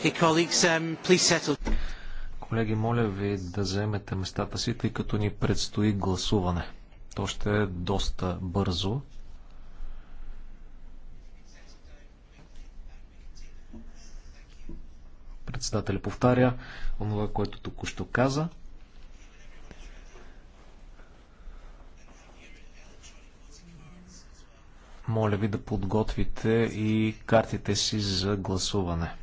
Um, Колеги, моля ви да заемете местата си, тъй като ни предстои гласуване. То ще е доста бързо. Председателя повтаря онова, което току-що каза. Моля ви да подготвите и картите си за гласуване.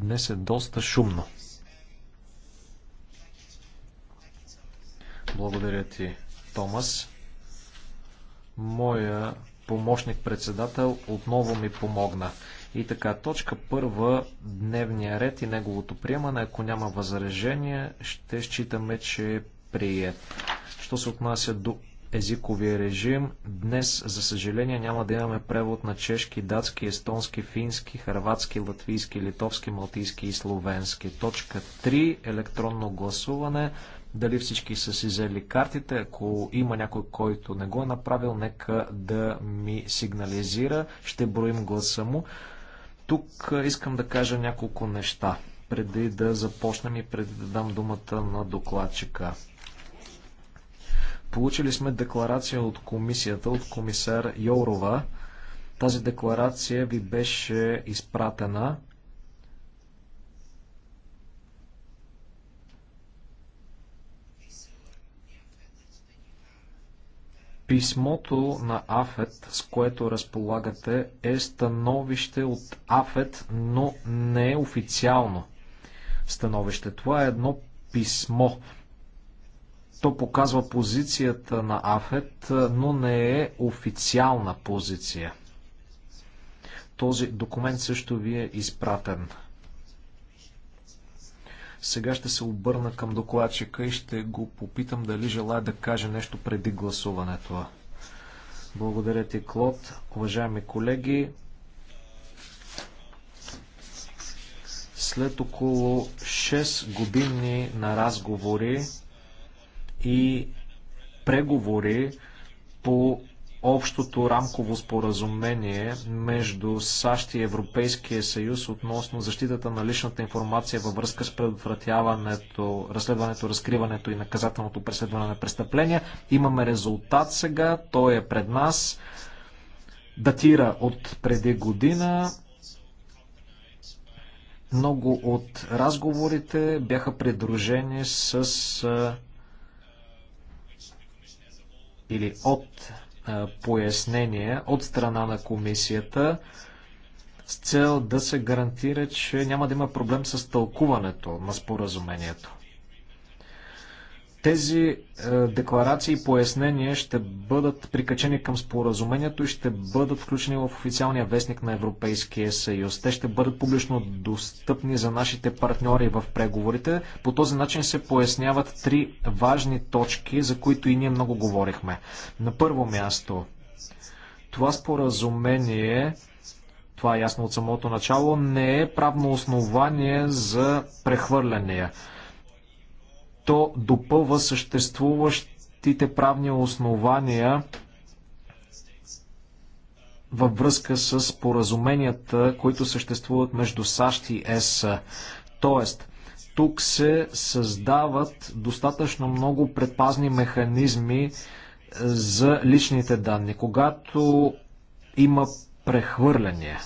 Днес е доста шумно. Благодаря ти, Томас. Моя помощник-председател отново ми помогна. И така, точка първа, дневния ред и неговото приемане. Ако няма възражение, ще считаме, че е прият. Що се отнася до езиковия режим. Днес, за съжаление, няма да имаме превод на чешки, датски, естонски, фински, харватски, латвийски, литовски, малтийски и словенски. Точка 3. Електронно гласуване. Дали всички са си взели картите? Ако има някой, който не го е направил, нека да ми сигнализира. Ще броим гласа му. Тук искам да кажа няколко неща преди да започнем и преди да дам думата на докладчика. Получили сме декларация от комисията, от комисар Йорова. Тази декларация ви беше изпратена. Писмото на АФЕТ, с което разполагате, е становище от АФЕТ, но не е официално становище. Това е едно писмо то показва позицията на АФЕТ, но не е официална позиция. Този документ също ви е изпратен. Сега ще се обърна към докладчика и ще го попитам дали желая да каже нещо преди гласуването. Благодаря ти, Клод. Уважаеми колеги, след около 6 години на разговори и преговори по общото рамково споразумение между САЩ и Европейския съюз относно защитата на личната информация във връзка с предотвратяването, разследването, разкриването и наказателното преследване на престъпления. Имаме резултат сега, той е пред нас, датира от преди година. Много от разговорите бяха придружени с или от пояснение от страна на комисията с цел да се гарантира, че няма да има проблем с тълкуването на споразумението. Тези е, декларации и пояснения ще бъдат прикачени към споразумението и ще бъдат включени в официалния вестник на Европейския съюз. Те ще бъдат публично достъпни за нашите партньори в преговорите. По този начин се поясняват три важни точки, за които и ние много говорихме. На първо място, това споразумение това е ясно от самото начало, не е правно основание за прехвърляния то допълва съществуващите правни основания във връзка с поразуменията, които съществуват между САЩ и ЕС. Тоест, тук се създават достатъчно много предпазни механизми е, за личните данни, когато има прехвърляне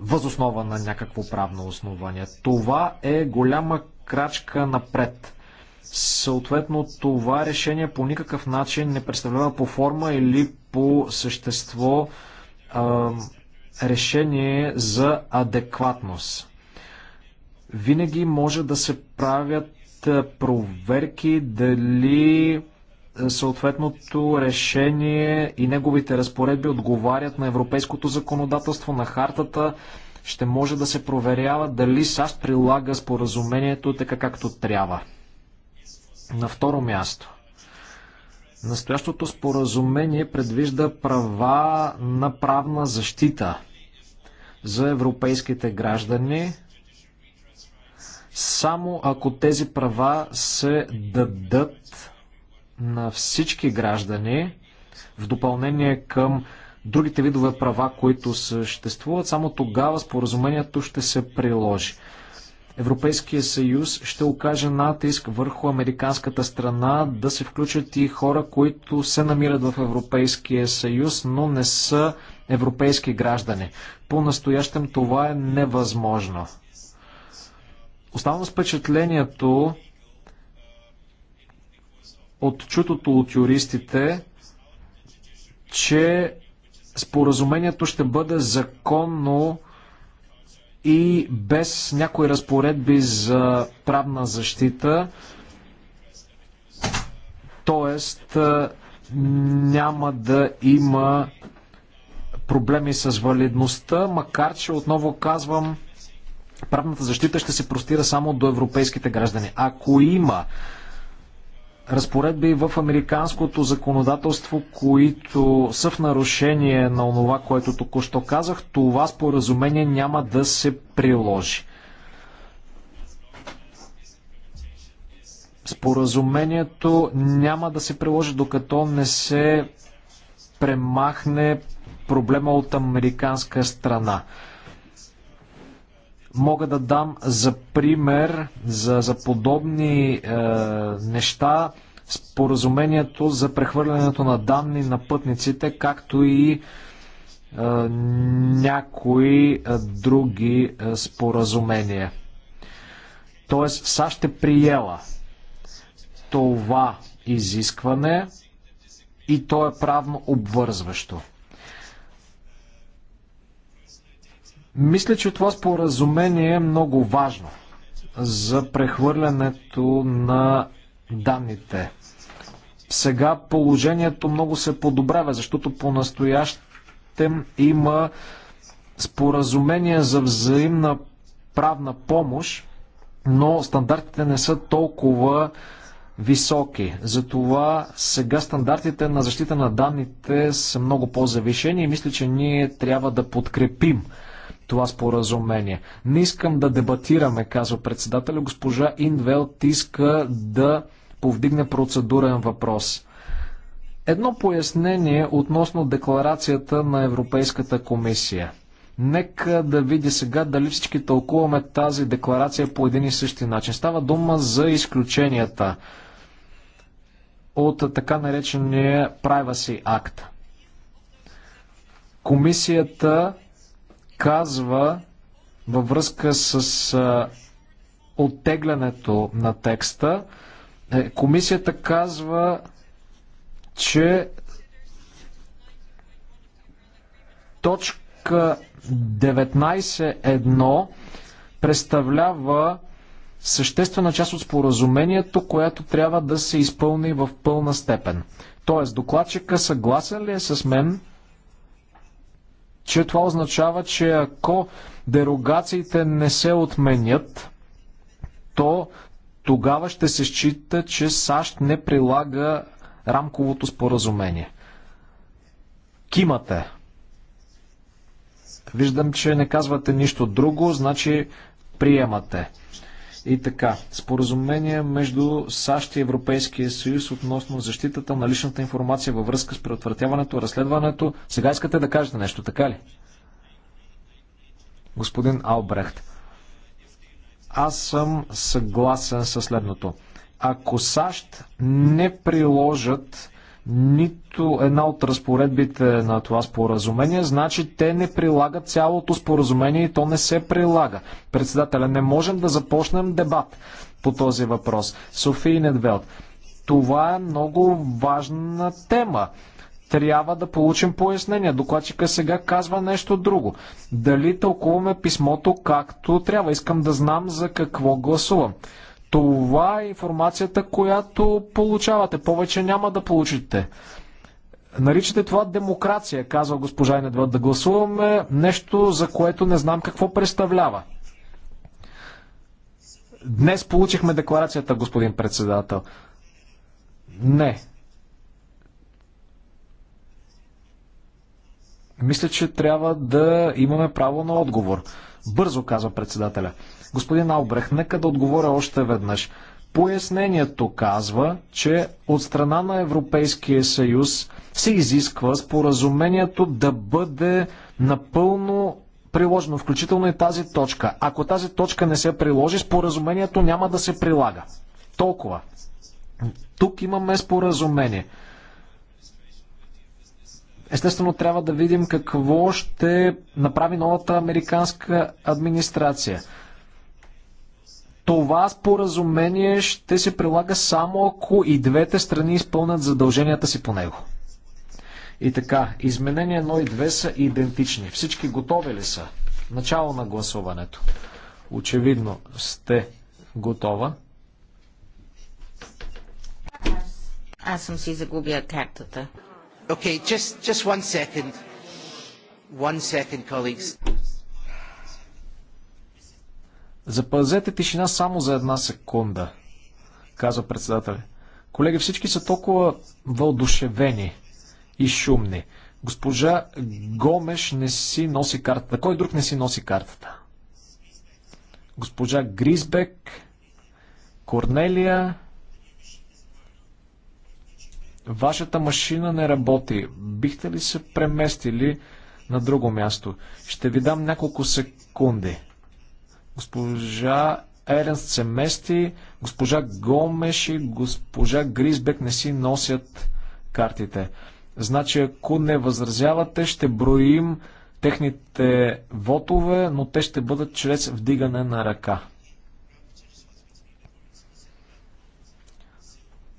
възоснова на някакво правно основание. Това е голяма крачка напред. Съответно, това решение по никакъв начин не представлява по форма или по същество а, решение за адекватност. Винаги може да се правят проверки дали съответното решение и неговите разпоредби отговарят на европейското законодателство, на хартата, ще може да се проверява дали САЩ прилага споразумението така както трябва. На второ място. Настоящото споразумение предвижда права на правна защита за европейските граждани, само ако тези права се дадат на всички граждани в допълнение към другите видове права, които съществуват, само тогава споразумението ще се приложи. Европейския съюз ще окаже натиск върху американската страна да се включат и хора, които се намират в Европейския съюз, но не са европейски граждани. По-настоящем това е невъзможно. Оставам с впечатлението от чутото от юристите, че споразумението ще бъде законно и без някои разпоредби за правна защита, т.е. няма да има проблеми с валидността, макар че отново казвам, правната защита ще се простира само до европейските граждани. Ако има разпоредби в американското законодателство, които са в нарушение на онова, което току-що казах, това споразумение няма да се приложи. Споразумението няма да се приложи, докато не се премахне проблема от американска страна мога да дам за пример за, за подобни е, неща споразумението за прехвърлянето на данни на пътниците, както и е, някои е, други е, споразумения. Тоест, САЩ е приела това изискване и то е правно обвързващо. Мисля, че това споразумение е много важно за прехвърлянето на данните. Сега положението много се подобрява, защото по-настоящем има споразумение за взаимна правна помощ, но стандартите не са толкова високи. Затова сега стандартите на защита на данните са много по-завишени и мисля, че ние трябва да подкрепим това споразумение. Не искам да дебатираме, казва председателя. Госпожа Инвелт иска да повдигне процедурен въпрос. Едно пояснение относно декларацията на Европейската комисия. Нека да види сега дали всички тълкуваме тази декларация по един и същи начин. Става дума за изключенията от така наречения Privacy Act. Комисията казва във връзка с оттеглянето на текста. Е, комисията казва, че точка 19.1 представлява съществена част от споразумението, която трябва да се изпълни в пълна степен. Тоест, докладчика съгласен ли е с мен, че това означава, че ако дерогациите не се отменят, то тогава ще се счита, че САЩ не прилага рамковото споразумение. Кимате. Виждам, че не казвате нищо друго, значи приемате. И така, споразумение между САЩ и Европейския съюз относно защитата на личната информация във връзка с предотвратяването, разследването. Сега искате да кажете нещо, така ли? Господин Албрехт, аз съм съгласен със следното. Ако САЩ не приложат нито една от разпоредбите на това споразумение, значи те не прилагат цялото споразумение и то не се прилага. Председателя, не можем да започнем дебат по този въпрос. Софи Недвелт, това е много важна тема. Трябва да получим пояснение. Докладчика сега казва нещо друго. Дали тълкуваме писмото както трябва? Искам да знам за какво гласувам. Това е информацията, която получавате. Повече няма да получите. Наричате това демокрация, казва госпожа Недва, да гласуваме нещо, за което не знам какво представлява. Днес получихме декларацията, господин председател. Не. Мисля, че трябва да имаме право на отговор. Бързо, казва председателя. Господин Албрех, нека да отговоря още веднъж. Пояснението казва, че от страна на Европейския съюз се изисква споразумението да бъде напълно приложено, включително и тази точка. Ако тази точка не се приложи, споразумението няма да се прилага. Толкова. Тук имаме споразумение. Естествено, трябва да видим какво ще направи новата американска администрация това споразумение ще се прилага само ако и двете страни изпълнят задълженията си по него. И така, изменения 1 и 2 са идентични. Всички готови ли са? Начало на гласуването. Очевидно сте готова. Аз, аз съм си загубила картата. Okay, just, just one second. One second, colleagues. Запазете тишина само за една секунда, казва председателя. Колеги, всички са толкова вълдушевени и шумни. Госпожа Гомеш не си носи картата. Кой друг не си носи картата? Госпожа Гризбек, Корнелия, вашата машина не работи. Бихте ли се преместили на друго място? Ще ви дам няколко секунди. Госпожа Еренс се мести, госпожа Гомеш и госпожа Гризбек не си носят картите. Значи, ако не възразявате, ще броим техните вотове, но те ще бъдат чрез вдигане на ръка.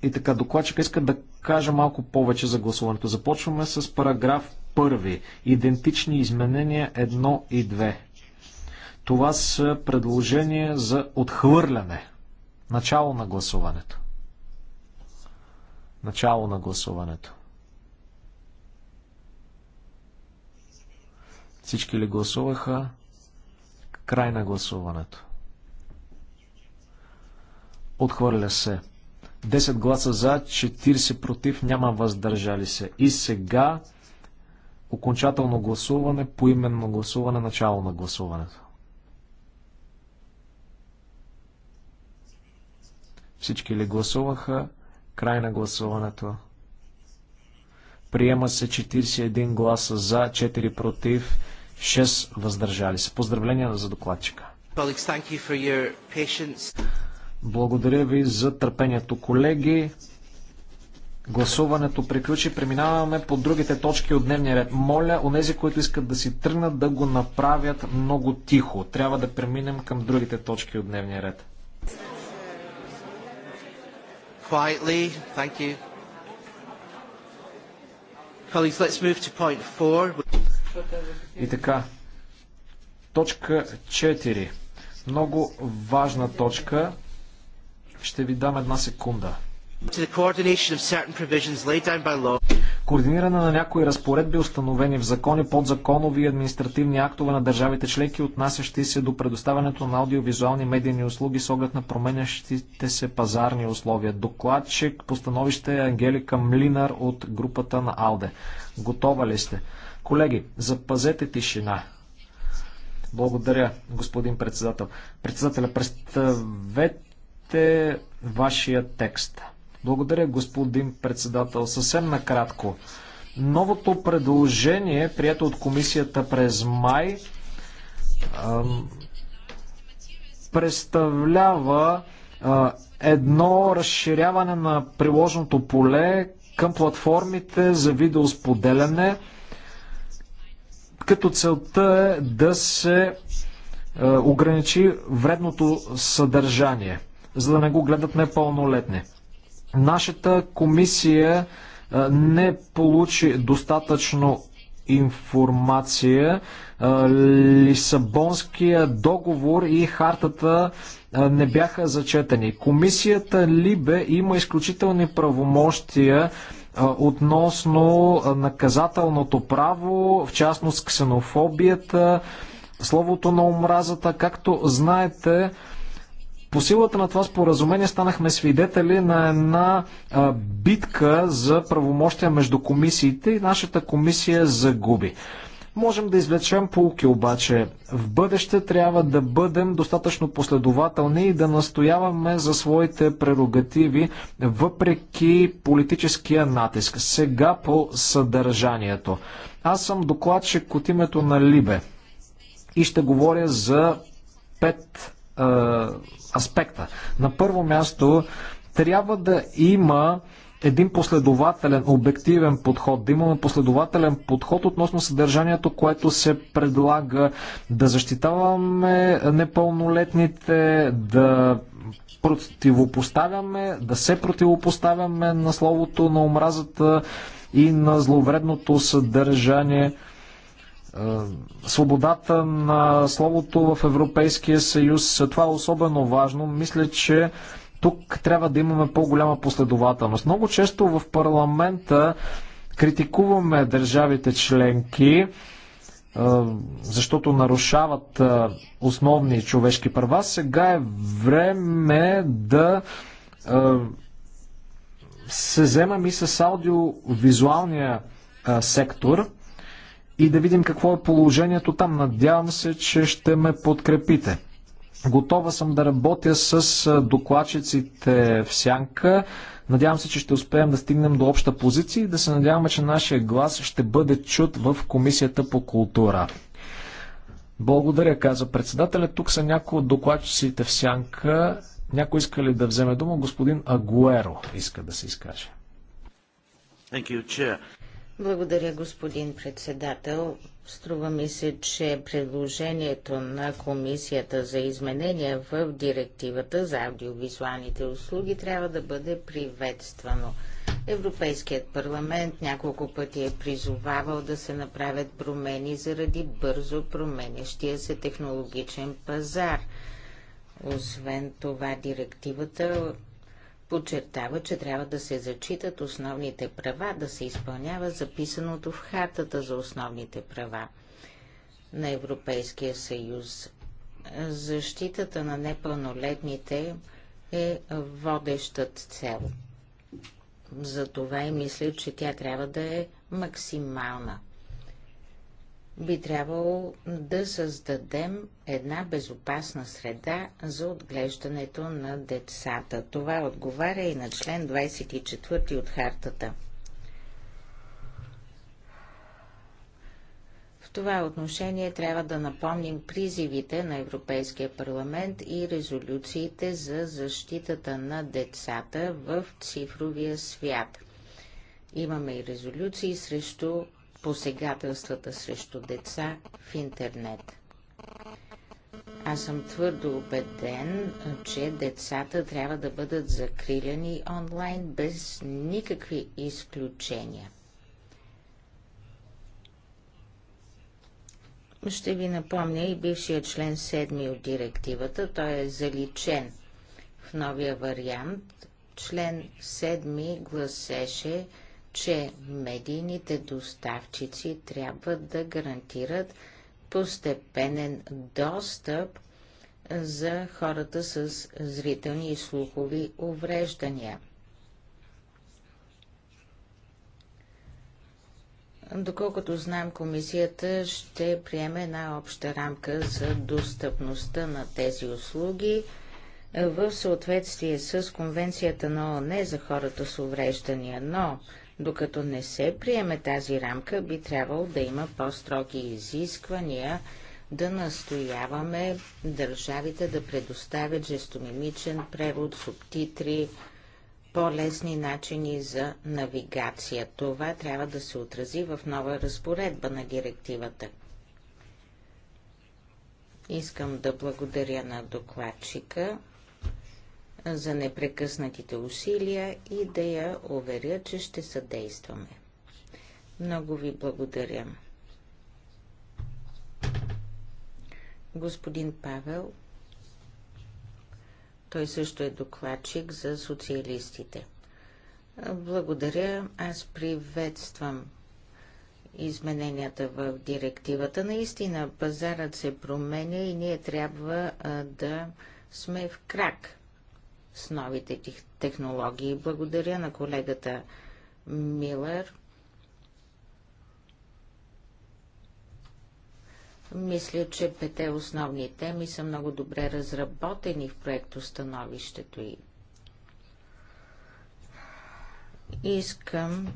И така, докладчик иска да кажа малко повече за гласуването. Започваме с параграф 1. Идентични изменения 1 и 2. Това са предложения за отхвърляне. Начало на гласуването. Начало на гласуването. Всички ли гласуваха? Край на гласуването. Отхвърля се. 10 гласа за, 40 против, няма въздържали се. И сега окончателно гласуване, поименно гласуване, начало на гласуването. Всички ли гласуваха? Край на гласуването. Приема се 41 гласа за, 4 против, 6 въздържали се. Поздравления за докладчика. Благодаря ви за търпението, колеги. Гласуването приключи. Преминаваме по другите точки от дневния ред. Моля, онези, които искат да си тръгнат, да го направят много тихо. Трябва да преминем към другите точки от дневния ред quietly. Thank you. Colleagues, let's move to point four. И така, точка 4. Много важна точка. Ще ви дам една секунда. Координиране на някои разпоредби, установени в закони, подзаконови и административни актове на държавите членки, отнасящи се до предоставянето на аудиовизуални медийни услуги с оглед на променящите се пазарни условия. Докладчик по становище е Ангелика Млинар от групата на АЛДЕ. Готова ли сте? Колеги, запазете тишина. Благодаря, господин председател. Председателя, представете вашия текст. Благодаря, господин председател. Съвсем накратко. Новото предложение, прието от комисията през май, представлява едно разширяване на приложното поле към платформите за видеосподеляне, като целта е да се ограничи вредното съдържание, за да не го гледат непълнолетни. Нашата комисия не получи достатъчно информация. Лисабонския договор и хартата не бяха зачетени. Комисията Либе има изключителни правомощия относно наказателното право, в частност ксенофобията, словото на омразата. Както знаете, по силата на това споразумение станахме свидетели на една а, битка за правомощия между комисиите и нашата комисия загуби. Можем да извлечем полки, обаче в бъдеще трябва да бъдем достатъчно последователни и да настояваме за своите прерогативи въпреки политическия натиск. Сега по съдържанието. Аз съм докладчик от името на Либе и ще говоря за пет аспекта. На първо място трябва да има един последователен, обективен подход, да имаме последователен подход относно съдържанието, което се предлага, да защитаваме непълнолетните, да противопоставяме, да се противопоставяме на словото на омразата и на зловредното съдържание. Е, свободата на словото в Европейския съюз. Това е особено важно. Мисля, че тук трябва да имаме по-голяма последователност. Много често в парламента критикуваме държавите членки, е, защото нарушават е, основни човешки права. Сега е време да се вземем и с аудиовизуалния сектор – и да видим какво е положението там. Надявам се, че ще ме подкрепите. Готова съм да работя с докладчиците в сянка. Надявам се, че ще успеем да стигнем до обща позиция и да се надяваме, че нашия глас ще бъде чут в Комисията по култура. Благодаря, каза председателя. Тук са някои от докладчиците в сянка. Някой иска ли да вземе дума? Господин Агуеро иска да се изкаже. Благодаря, господин председател. Струва ми се, че предложението на Комисията за изменения в директивата за аудиовизуалните услуги трябва да бъде приветствано. Европейският парламент няколко пъти е призовавал да се направят промени заради бързо променящия се технологичен пазар. Освен това, директивата подчертава, че трябва да се зачитат основните права, да се изпълнява записаното в Хартата за основните права на Европейския съюз. Защитата на непълнолетните е водеща цел. Затова и мисля, че тя трябва да е максимална – би трябвало да създадем една безопасна среда за отглеждането на децата. Това отговаря и на член 24 от хартата. В това отношение трябва да напомним призивите на Европейския парламент и резолюциите за защитата на децата в цифровия свят. Имаме и резолюции срещу посегателствата срещу деца в интернет. Аз съм твърдо убеден, че децата трябва да бъдат закриляни онлайн без никакви изключения. Ще ви напомня и бившия член 7 от директивата, той е заличен в новия вариант. Член 7 гласеше, че медийните доставчици трябва да гарантират постепенен достъп за хората с зрителни и слухови увреждания. Доколкото знам, комисията ще приеме една обща рамка за достъпността на тези услуги в съответствие с Конвенцията на ОНЕ за хората с увреждания, но докато не се приеме тази рамка, би трябвало да има по-строги изисквания, да настояваме държавите да предоставят жестомимичен превод, субтитри, по-лесни начини за навигация. Това трябва да се отрази в нова разпоредба на директивата. Искам да благодаря на докладчика за непрекъснатите усилия и да я уверя, че ще съдействаме. Много ви благодаря. Господин Павел, той също е докладчик за социалистите. Благодаря, аз приветствам измененията в директивата. Наистина, пазарът се променя и ние трябва а, да сме в крак с новите технологии. Благодаря на колегата Милер. Мисля, че пете основни теми са много добре разработени в становището и искам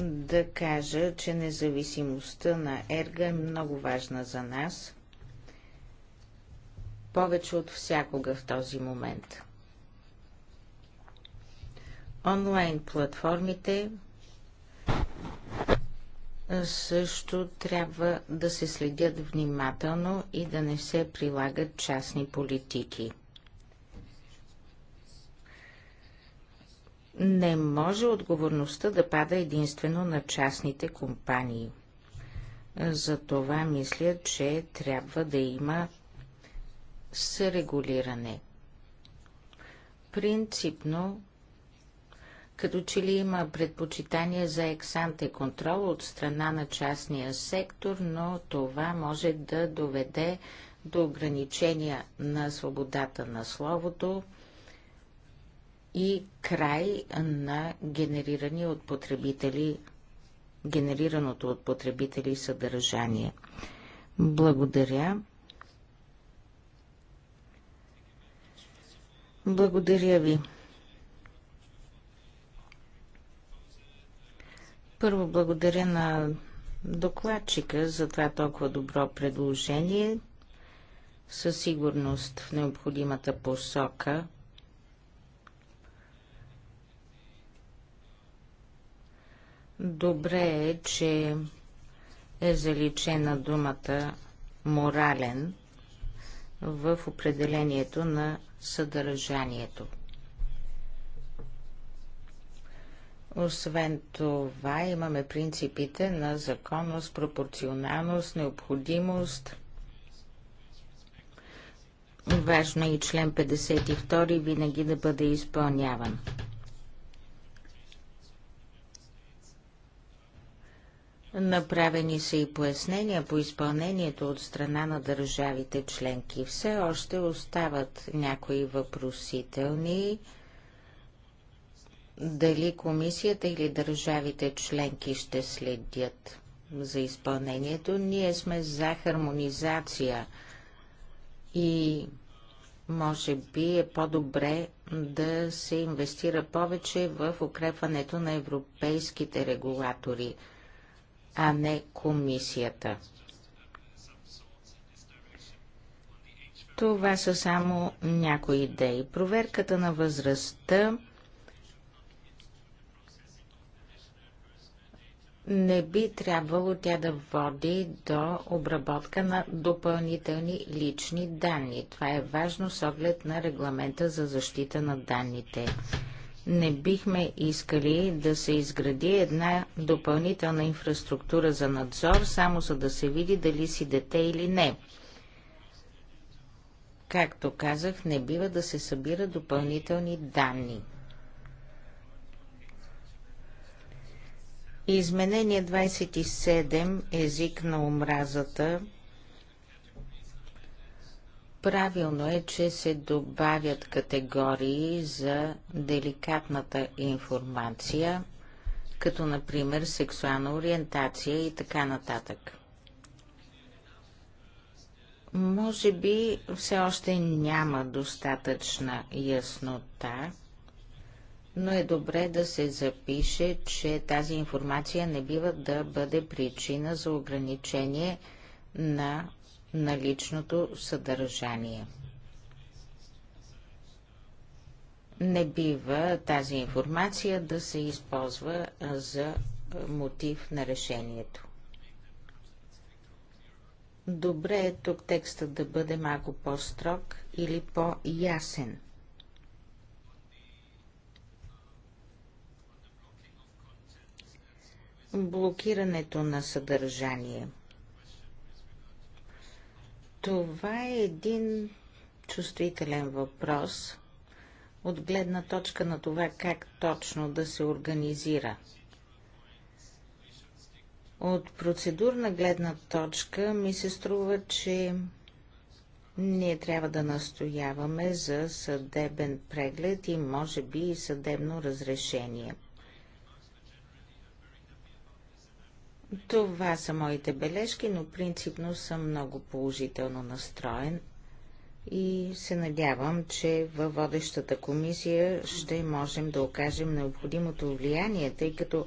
да кажа, че независимостта на ЕРГА е много важна за нас – повече от всякога в този момент. Онлайн платформите също трябва да се следят внимателно и да не се прилагат частни политики. Не може отговорността да пада единствено на частните компании. Затова мисля, че трябва да има регулиране. Принципно, като че ли има предпочитание за ексанте контрол от страна на частния сектор, но това може да доведе до ограничения на свободата на словото и край на генерирани от потребители, генерираното от потребители съдържание. Благодаря. Благодаря ви. Първо благодаря на докладчика за това толкова добро предложение. Със сигурност в необходимата посока. Добре е, че е заличена думата морален в определението на съдържанието. Освен това, имаме принципите на законност, пропорционалност, необходимост. Важно е и член 52 винаги да бъде изпълняван. Направени са и пояснения по изпълнението от страна на държавите членки. Все още остават някои въпросителни дали комисията или държавите членки ще следят за изпълнението. Ние сме за хармонизация и може би е по-добре да се инвестира повече в укрепването на европейските регулатори – а не комисията. Това са само някои идеи. Проверката на възрастта не би трябвало тя да води до обработка на допълнителни лични данни. Това е важно с оглед на регламента за защита на данните не бихме искали да се изгради една допълнителна инфраструктура за надзор, само за да се види дали си дете или не. Както казах, не бива да се събира допълнителни данни. Изменение 27 език на омразата Правилно е, че се добавят категории за деликатната информация, като например сексуална ориентация и така нататък. Може би все още няма достатъчна яснота, но е добре да се запише, че тази информация не бива да бъде причина за ограничение на на личното съдържание. Не бива тази информация да се използва за мотив на решението. Добре е тук текстът да бъде малко по-строг или по-ясен. Блокирането на съдържание – това е един чувствителен въпрос от гледна точка на това как точно да се организира. От процедурна гледна точка ми се струва, че ние трябва да настояваме за съдебен преглед и може би и съдебно разрешение. Това са моите бележки, но принципно съм много положително настроен и се надявам, че във водещата комисия ще можем да окажем необходимото влияние, тъй като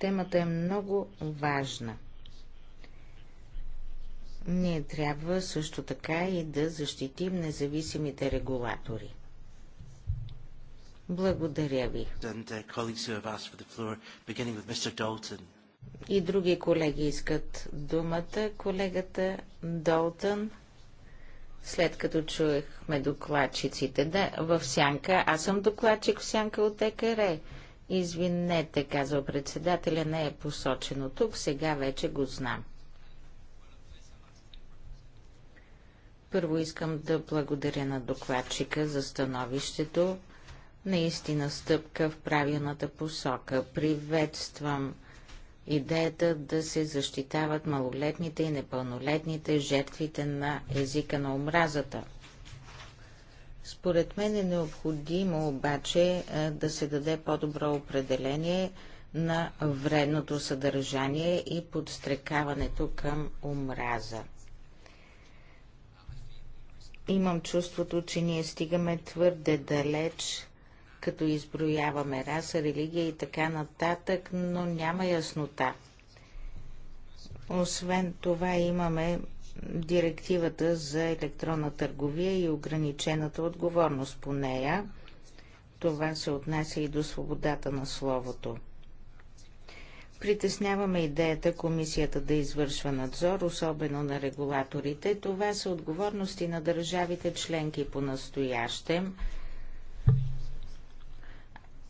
темата е много важна. Ние трябва също така и да защитим независимите регулатори. Благодаря ви. And, uh, и други колеги искат думата. Колегата Долтън, след като чуехме докладчиците, да, в сянка, аз съм докладчик в сянка от ЕКР. Извинете, казва председателя, не е посочено тук, сега вече го знам. Първо искам да благодаря на докладчика за становището. Наистина стъпка в правилната посока. Приветствам идеята да се защитават малолетните и непълнолетните жертвите на езика на омразата. Според мен е необходимо обаче е, да се даде по-добро определение на вредното съдържание и подстрекаването към омраза. Имам чувството, че ние стигаме твърде далеч като изброяваме раса, религия и така нататък, но няма яснота. Освен това имаме директивата за електронна търговия и ограничената отговорност по нея. Това се отнася и до свободата на словото. Притесняваме идеята комисията да извършва надзор, особено на регулаторите. Това са отговорности на държавите членки по настоящем.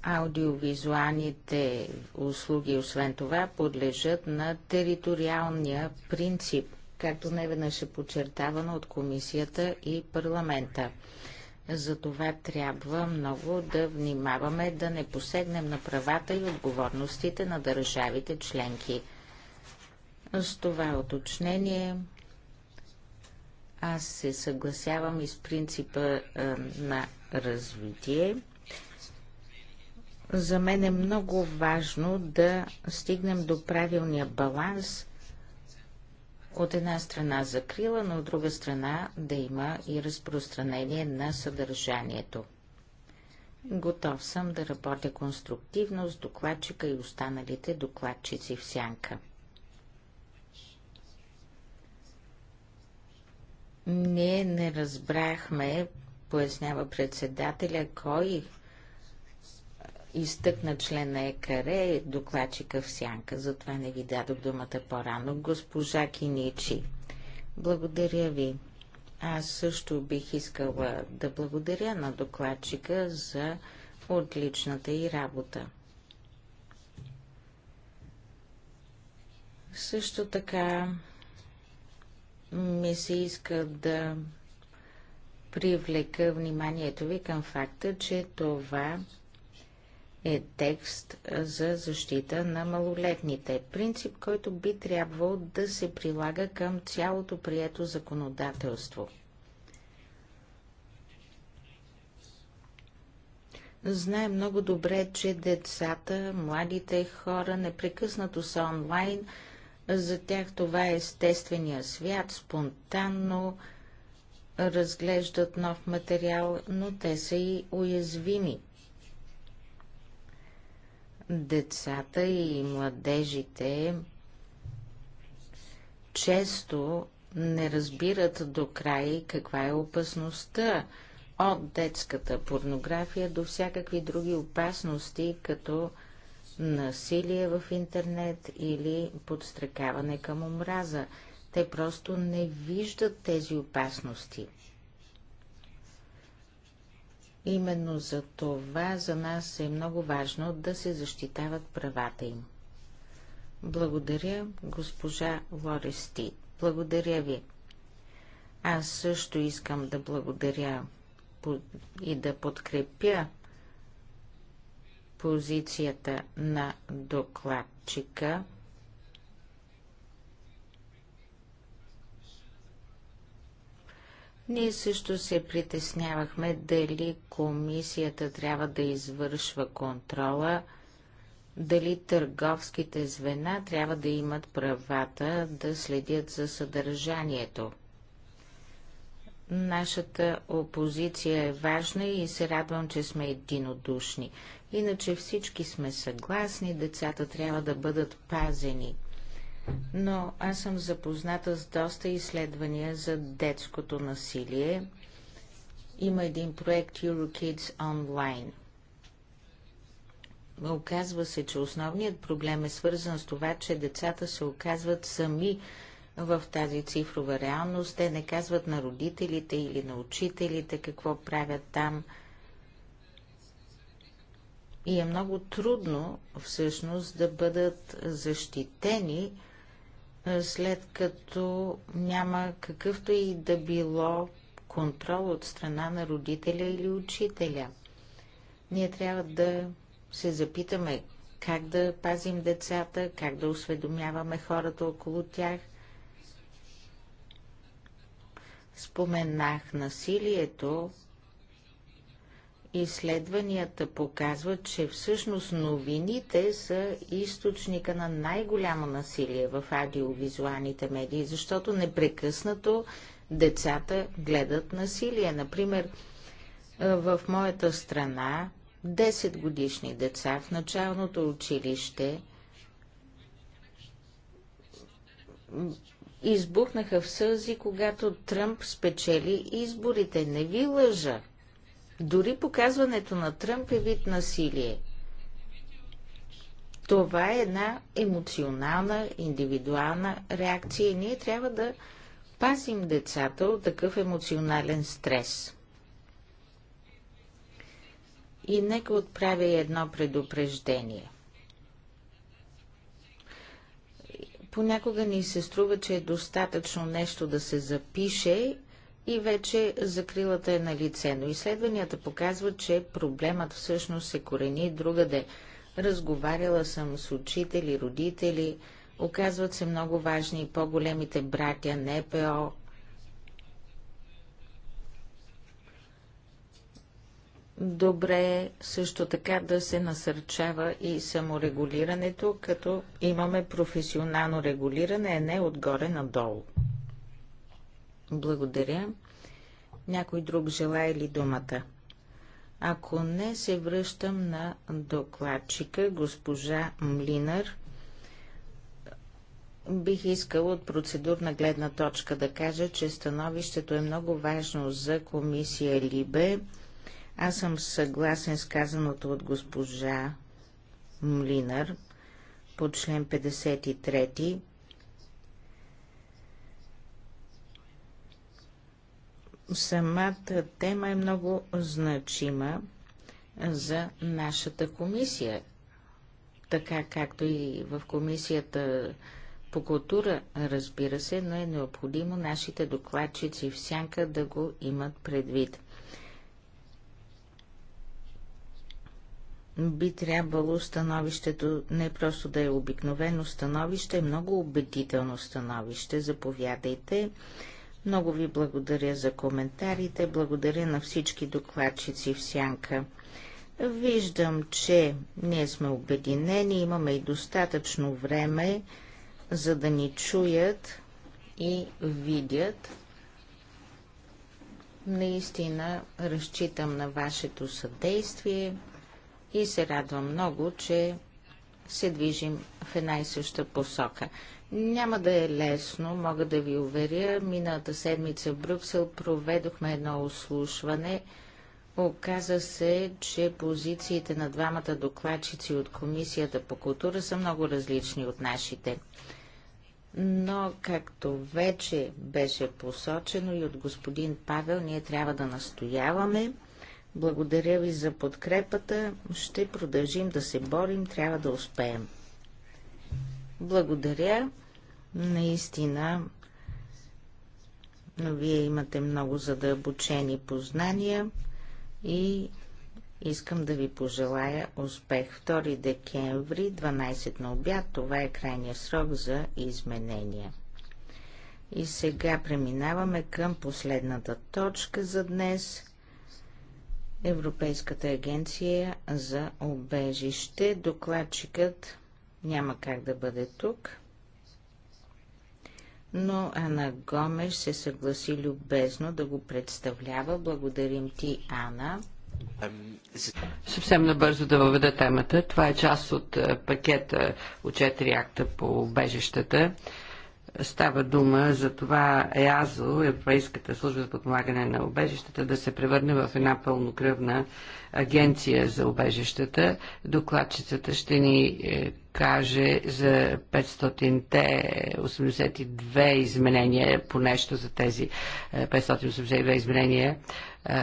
Аудиовизуалните услуги, освен това, подлежат на териториалния принцип, както неведнъж е подчертавано от комисията и парламента. Затова трябва много да внимаваме да не посегнем на правата и отговорностите на държавите членки. С това оточнение, аз се съгласявам и с принципа е, на развитие за мен е много важно да стигнем до правилния баланс от една страна закрила, но от друга страна да има и разпространение на съдържанието. Готов съм да работя конструктивно с докладчика и останалите докладчици в сянка. Ние не разбрахме, пояснява председателя, кой изтъкна член на ЕКР, докладчика в сянка, затова не ви дадох думата по-рано. Госпожа Киничи, благодаря ви. Аз също бих искала да благодаря на докладчика за отличната и работа. Също така ми се иска да привлека вниманието ви към факта, че това е текст за защита на малолетните. Принцип, който би трябвало да се прилага към цялото прието законодателство. Знае много добре, че децата, младите хора непрекъснато са онлайн. За тях това е естествения свят, спонтанно разглеждат нов материал, но те са и уязвими Децата и младежите често не разбират до край каква е опасността от детската порнография до всякакви други опасности, като насилие в интернет или подстрекаване към омраза. Те просто не виждат тези опасности. Именно за това за нас е много важно да се защитават правата им. Благодаря, госпожа Лорести. Благодаря ви. Аз също искам да благодаря и да подкрепя позицията на докладчика. Ние също се притеснявахме дали комисията трябва да извършва контрола, дали търговските звена трябва да имат правата да следят за съдържанието. Нашата опозиция е важна и се радвам, че сме единодушни. Иначе всички сме съгласни, децата трябва да бъдат пазени но аз съм запозната с доста изследвания за детското насилие. Има един проект EuroKids Online. Оказва се, че основният проблем е свързан с това, че децата се оказват сами в тази цифрова реалност. Те не казват на родителите или на учителите какво правят там. И е много трудно всъщност да бъдат защитени след като няма какъвто и да било контрол от страна на родителя или учителя. Ние трябва да се запитаме как да пазим децата, как да осведомяваме хората около тях. Споменах насилието Изследванията показват, че всъщност новините са източника на най-голямо насилие в аудиовизуалните медии, защото непрекъснато децата гледат насилие. Например, в моята страна 10 годишни деца в началното училище избухнаха в сълзи, когато Тръмп спечели изборите. Не ви лъжа. Дори показването на Тръмп е вид насилие. Това е една емоционална, индивидуална реакция и ние трябва да пазим децата от такъв емоционален стрес. И нека отправя едно предупреждение. Понякога ни се струва, че е достатъчно нещо да се запише и вече закрилата е на лице, но изследванията показват, че проблемът всъщност се корени другаде. Разговаряла съм с учители, родители, оказват се много важни и по-големите братя, НПО. Добре е също така да се насърчава и саморегулирането, като имаме професионално регулиране, а не отгоре надолу. Благодаря. Някой друг желая ли думата? Ако не, се връщам на докладчика, госпожа Млинар. Бих искала от процедурна гледна точка да кажа, че становището е много важно за комисия Либе. Аз съм съгласен с казаното от госпожа Млинар по член 53. Самата тема е много значима за нашата комисия, така както и в комисията по култура, разбира се, но е необходимо нашите докладчици всяка сянка да го имат предвид. Би трябвало становището не просто да е обикновено становище, много убедително становище. Заповядайте много ви благодаря за коментарите, благодаря на всички докладчици в Сянка. Виждам, че ние сме обединени, имаме и достатъчно време, за да ни чуят и видят. Наистина разчитам на вашето съдействие и се радвам много, че се движим в една и съща посока. Няма да е лесно, мога да ви уверя. Миналата седмица в Брюксел проведохме едно ослушване. Оказа се, че позициите на двамата докладчици от Комисията по култура са много различни от нашите. Но, както вече беше посочено и от господин Павел, ние трябва да настояваме благодаря ви за подкрепата. Ще продължим да се борим. Трябва да успеем. Благодаря. Наистина, но вие имате много задълбочени познания и искам да ви пожелая успех. 2 декември, 12 на обяд, това е крайния срок за изменения. И сега преминаваме към последната точка за днес – Европейската агенция за обежище. Докладчикът няма как да бъде тук, но Ана Гомеш се съгласи любезно да го представлява. Благодарим ти, Ана. Съвсем набързо да въведа темата. Това е част от е, пакета от 4 акта по обежищата. Става дума за това ЕАЗО, Европейската служба за подпомагане на обежищата, да се превърне в една пълнокръвна агенция за обежищата. Докладчицата ще ни е, каже за 500-те 82 изменения, по нещо за тези 582 е, изменения е,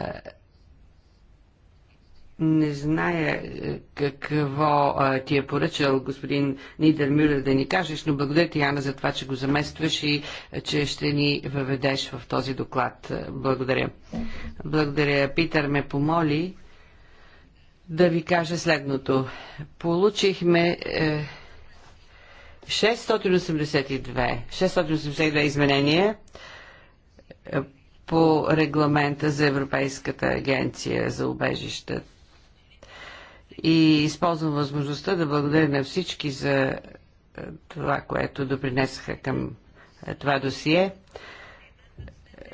не зная е, какво а, ти е поръчал господин Нидер Мюлер да ни кажеш, но благодаря ти, Яна, за това, че го заместваш и е, че ще ни въведеш в този доклад. Е, благодаря. Благодаря. Питър ме помоли да ви кажа следното. Получихме е, 682, 682 изменения по регламента за Европейската агенция за убежищата и използвам възможността да благодаря на всички за е, това, което допринесаха към е, това досие.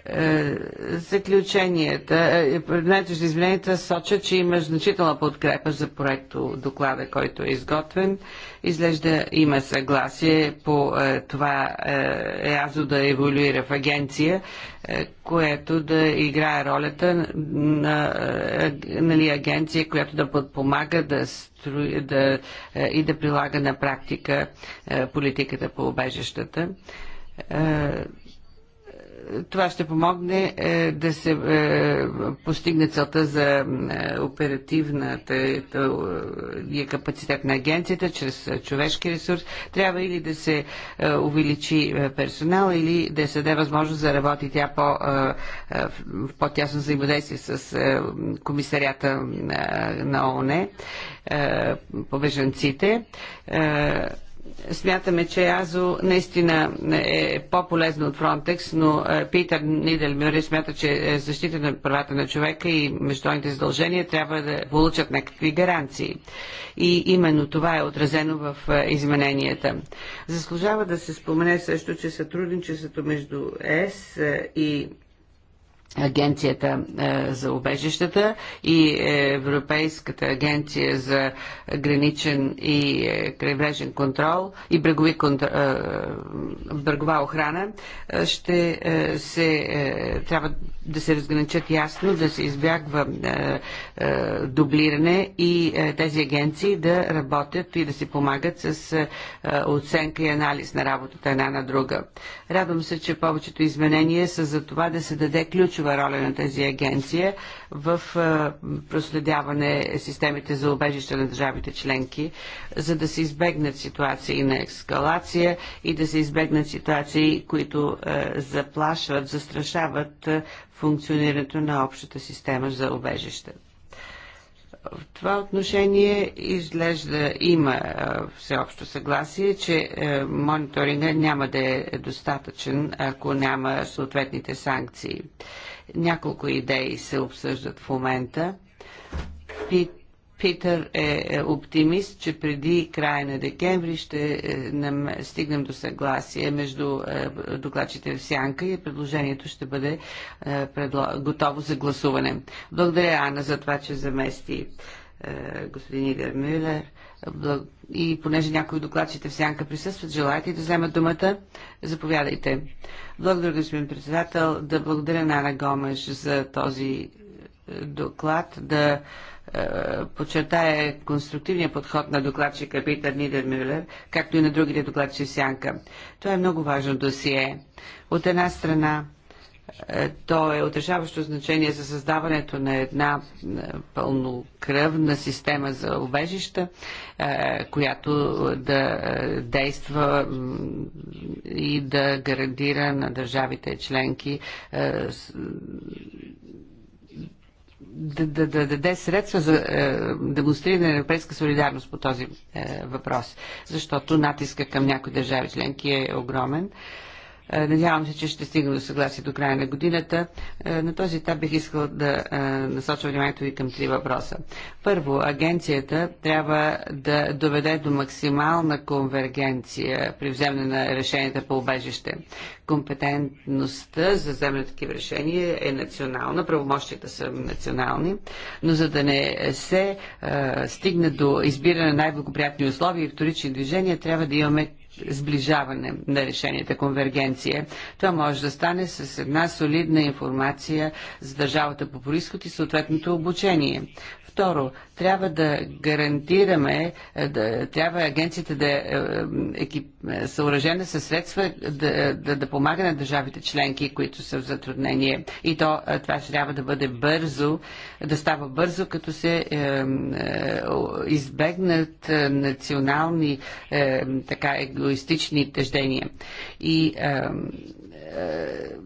Е, заключенията, е, най-точно измененията сочат, че има значителна подкрепа за проекто доклада, който е изготвен. Изглежда има съгласие по е, това ЕАЗО да еволюира в агенция, което да играе ролята на нали, агенция, която да подпомага да, строи, да и да прилага на практика политиката по обежищата това ще помогне е, да се е, постигне целта за е, оперативната е, е, е, капацитет на агенцията чрез човешки ресурс. Трябва или да се увеличи персонал, или да се даде възможност да работи тя по, в по-тясно взаимодействие с комисарията на ООН по Е, смятаме, че Азо наистина е по-полезно от Фронтекс, но е, Питър Нидельмюри смята, че е, защита на правата на човека и международните задължения трябва да получат някакви гаранции. И именно това е отразено в е, измененията. Заслужава да се спомене също, че сътрудничеството между ЕС и Агенцията е, за обежищата и Европейската агенция за граничен и е, крайбрежен контрол и брегови контр... Е, брегова охрана ще се трябва да се разграничат ясно, да се избягва дублиране и тези агенции да работят и да си помагат с оценка и анализ на работата една на друга. Радвам се, че повечето изменения са за това да се даде ключова значима роля на тази агенция в е, проследяване системите за убежище на държавите членки, за да се избегнат ситуации на ескалация и да се избегнат ситуации, които е, заплашват, застрашават е, функционирането на общата система за убежище. В това отношение изглежда има всеобщо съгласие, че мониторинга няма да е достатъчен, ако няма съответните санкции. Няколко идеи се обсъждат в момента. Питър е, е оптимист, че преди края на декември ще е, нам стигнем до съгласие между е, докладчите в Сянка и предложението ще бъде готово за гласуване. Благодаря, Ана, за това, че замести господин Игър Мюлер. И понеже някои докладчите в Сянка присъстват, желаете да вземат думата? Заповядайте. Благодаря, господин председател. Да благодаря на Ана Гомеш за този е, доклад. Да е, подчертая конструктивния подход на докладчика Питър Нидермюлер, както и на другите докладчи Сянка. Това е много важно досие. От една страна е, то е отрешаващо значение за създаването на една е, пълнокръвна система за убежища, е, която да действа и да гарантира на държавите членки да, да, да даде средства за е, демонстриране на европейска солидарност по този е, въпрос, защото натиска към някои държави членки е огромен. Е, е, надявам се, че ще стигна до съгласие до края на годината. Е, на този етап бих искал да е, насоча вниманието ви към три въпроса. Първо, агенцията трябва да доведе до максимална конвергенция при вземане на решенията по убежище. Компетентността за вземане на такива решения е национална, правомощията са национални, но за да не се стигне до избиране на най-благоприятни условия и вторични движения, трябва да имаме сближаване на решенията, конвергенция. Това може да стане с една солидна информация за държавата по происход и съответното обучение. Второ, трябва да гарантираме, е, да, трябва агенцията да е, е, е съоръжена със средства да, да, да помага на държавите членки, които са в затруднение. И то това ще трябва да бъде бързо, да става бързо, като се е, е, избегнат национални е, така егоистични теждения. И е, е,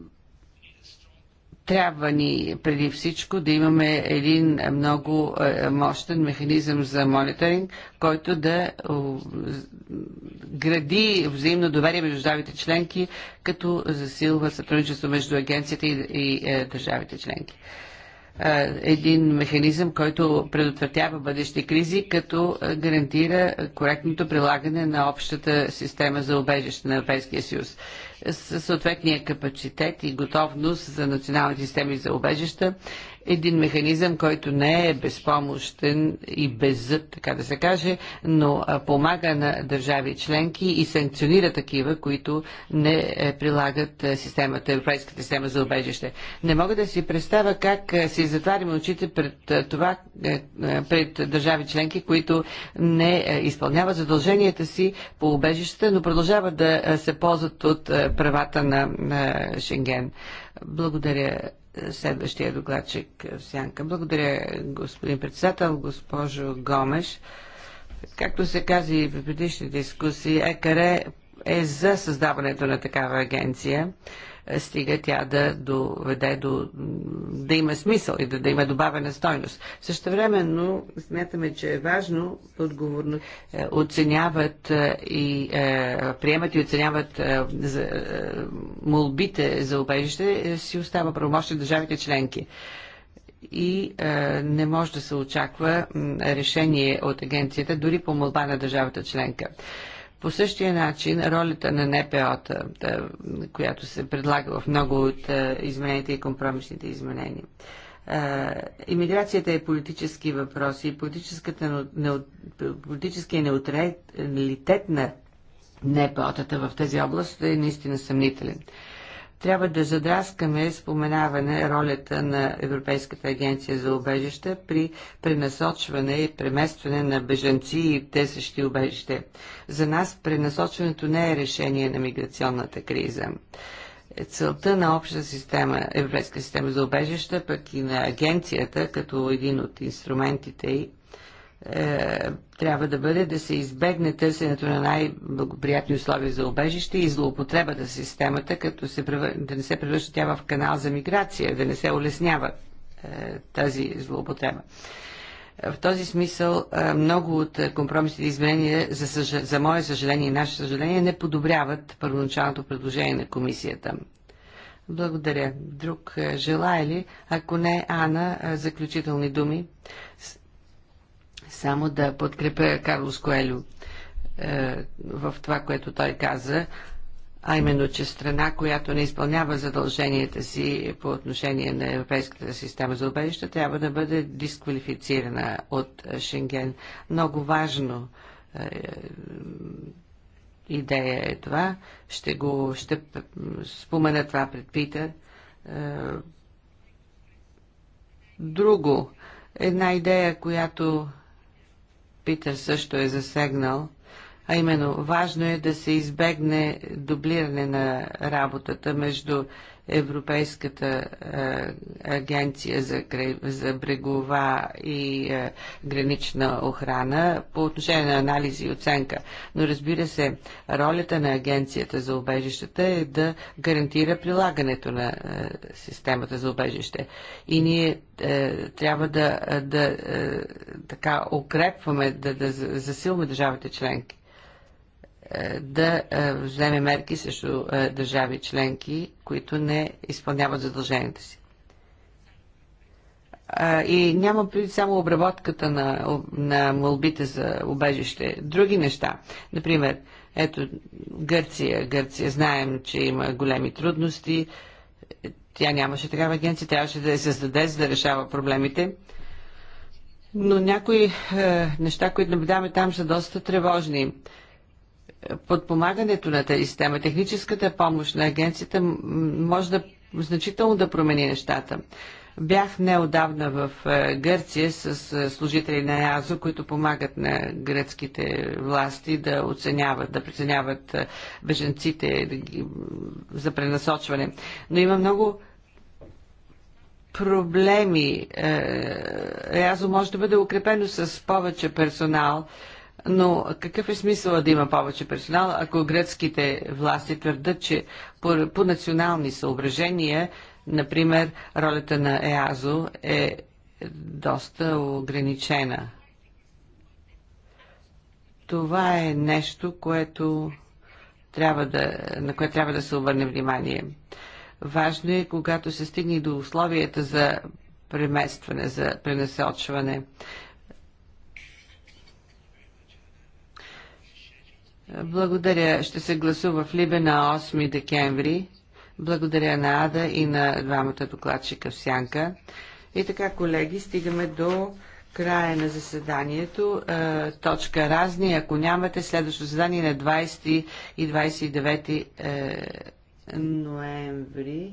трябва ни преди всичко да имаме един много е, мощен механизъм за мониторинг, който да е, гради взаимно доверие между държавите членки, като засилва сътрудничество между агенцията и, е, държавите членки един механизъм, който предотвратява бъдещи кризи, като гарантира коректното прилагане на общата система за убежище на Европейския съюз съответния капацитет и готовност за националните системи за обежища един механизъм, който не е безпомощен и беззъд, така да се каже, но помага на държави членки и санкционира такива, които не е, прилагат е, системата, европейската система за убежище. Не мога да си представя как е, си затваряме очите пред това, пред държави членки, които не изпълняват задълженията си по убежище, но продължават да се ползват от правата на Шенген. Благодаря следващия докладчик е, в сянка. Благодаря, господин председател, госпожо Гомеш. Както се каза и в предишни дискусии, ЕКР е за създаването на такава агенция стига тя да доведе до, да има смисъл и да, да има добавена стойност. Също но смятаме, че е важно отговорно е, оценяват е, и е, приемат и оценяват за, молбите за убежище си остава правомощни държавите членки и е, не може да се очаква решение от агенцията дори по молба на държавата членка. По същия начин ролята на НПО-та, която се предлага в много от е, измененията и компромисните изменения. Е, Имиграцията е политически въпрос и политическия неутралитет на НПО-тата в тази област е наистина съмнителен. Трябва да задраскаме споменаване ролята на Европейската агенция за убежища при пренасочване и преместване на бежанци и тесещи убежище. За нас пренасочването не е решение на миграционната криза целта на обща система, Европейска система за обежища, пък и на агенцията, като един от инструментите й, е, трябва да бъде да се избегне търсенето на най-благоприятни условия за обежище и злоупотреба на системата, като се превър... да не се превръща тя в канал за миграция, да не се улеснява е, тази злоупотреба. В този смисъл е, много от компромисните изменения, за, съж... за мое съжаление и наше съжаление, не подобряват първоначалното предложение на комисията. Благодаря. Друг е, желая ли? Ако не, Ана, е, заключителни думи. Само да подкрепя Карлос Коелю е, в това, което той каза, а именно, че страна, която не изпълнява задълженията си по отношение на Европейската система за убежища, трябва да бъде дисквалифицирана от Шенген. Много важно е, идея е това. Ще го ще спомена това пред Питър. Е, друго, една идея, която Питър също е засегнал, а именно важно е да се избегне дублиране на работата между Европейската агенция за, за брегова и гранична охрана по отношение на анализи и оценка. Но разбира се, ролята на агенцията за обежищата е да гарантира прилагането на системата за обежище. И ние трябва да, да така укрепваме, да, да засилваме държавите членки да е, вземе мерки срещу е, държави членки, които не изпълняват задълженията си. И няма преди само обработката на, на мълбите за убежище. Други неща. Например, ето Гърция. Гърция знаем, че има големи трудности. Тя нямаше такава агенция. Трябваше да я създаде, за да решава проблемите. Но някои е, неща, които наблюдаваме там, са доста тревожни. Е, подпомагането на тази система, техническата помощ на агенцията може да значително да промени нещата. Бях неодавна в е, Гърция с е, служители на ЕАЗО, които помагат на гръцките власти да оценяват, да преценяват е, беженците за пренасочване. Но има много проблеми. ЕАЗО може да бъде укрепено с повече персонал но какъв е смисъл да има повече персонал, ако гръцките власти твърдат, че по, по национални съображения, например, ролята на ЕАЗО е доста ограничена? Това е нещо, което трябва да, на което трябва да се обърне внимание. Важно е, когато се стигне до условията за преместване, за пренасочване. Благодаря. Ще се гласува в Либе на 8 декември. Благодаря на Ада и на двамата докладчика в Сянка. И така, колеги, стигаме до края на заседанието. Е, точка разни. Ако нямате, следващо заседание е на 20 и 29 е, ноември.